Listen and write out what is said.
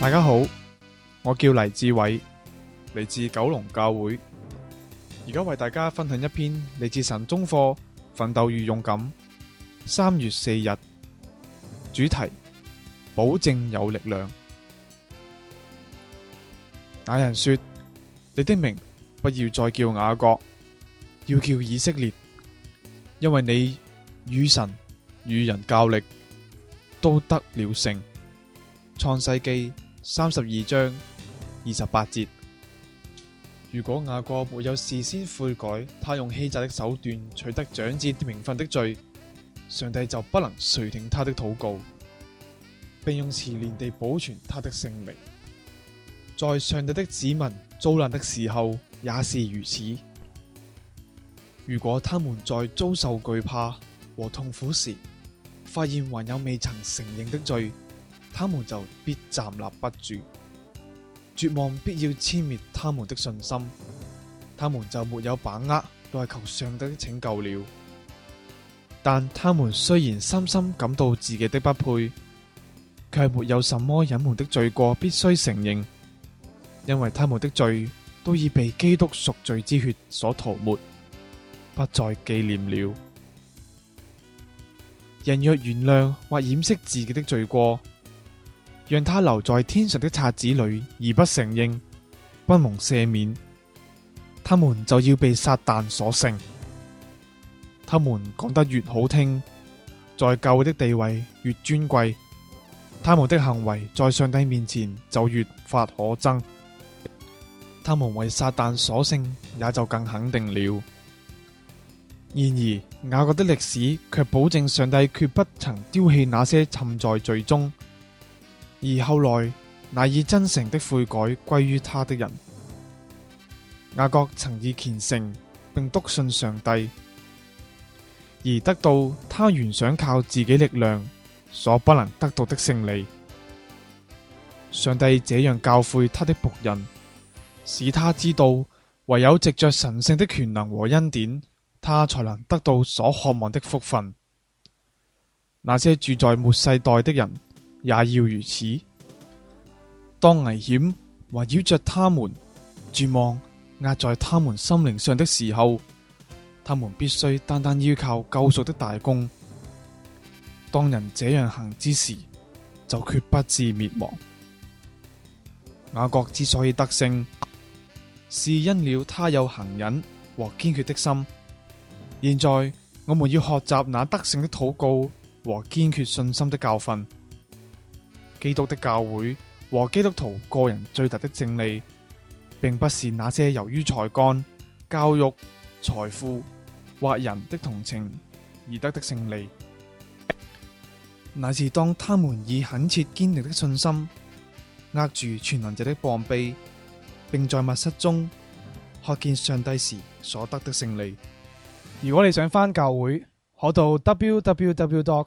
大家好，我叫黎志偉，嚟自九龍教會，而家為大家分享一篇嚟自神中課《奮鬥與勇敢》，三月四日，主題保證有力量。那人說：你的名不要再叫雅各，要叫以色列，因為你與神與人較力都得了勝。創世記，三十二章二十八節，如果雅各沒有事先悔改，他用欺詐的手段取得長子名分的罪，上帝就不能垂聽他的禱告，並用慈憐地保存他的性命。在上帝的子民遭難的時候也是如此。如果他們在遭受懼怕和痛苦時，發現還有未曾承認的罪，他們就必站立不住，絕望必要殲滅他們的信心，他們就沒有把握來求上帝的拯救了。但他們雖然深深感到自己的不配，卻沒有什麼隱瞞的罪過必須承認，因為他們的罪都已被基督贖罪之血所塗抹，不再紀念了。人若原諒或掩飾自己的罪過，讓他留在天上的冊子裏，而不承認不蒙赦免，他們就要被撒但所勝。他們講得越好聽，在教會的地位越尊貴，他們的行為在上帝面前就越發可憎，他們為撒但所勝也就更肯定了。然而雅各的歷史卻保證上帝絕不曾丟棄那些沉在罪中。而後來，乃以真誠的悔改歸於他的人，雅各曾以虔誠並篤信上帝，而得到他原想靠自己力量所不能得到的勝利。上帝這樣教誨他的僕人，使他知道唯有藉着神聖的權能和恩典，他才能得到所渴望的福分。那些住在末世代的人，也要如此。當危險圍繞着他們，絕望壓在他們心靈上的時候，他們必須單單依靠救贖的大功。當人這樣行之時，就決不致滅亡。雅各之所以得勝，是因了他有恆忍和堅決的心。現在我們要學習那得勝的禱告和堅決信心的教訓。基督的教會和基督徒個人最大的勝利，並不是那些由於才幹、教育、財富或人的同情而得的勝利，乃是當他們以懇切、堅定的信心握住全能者的膀臂，並在密室中看見上帝時所得的勝利。如果你想返教會，可到 w w w dot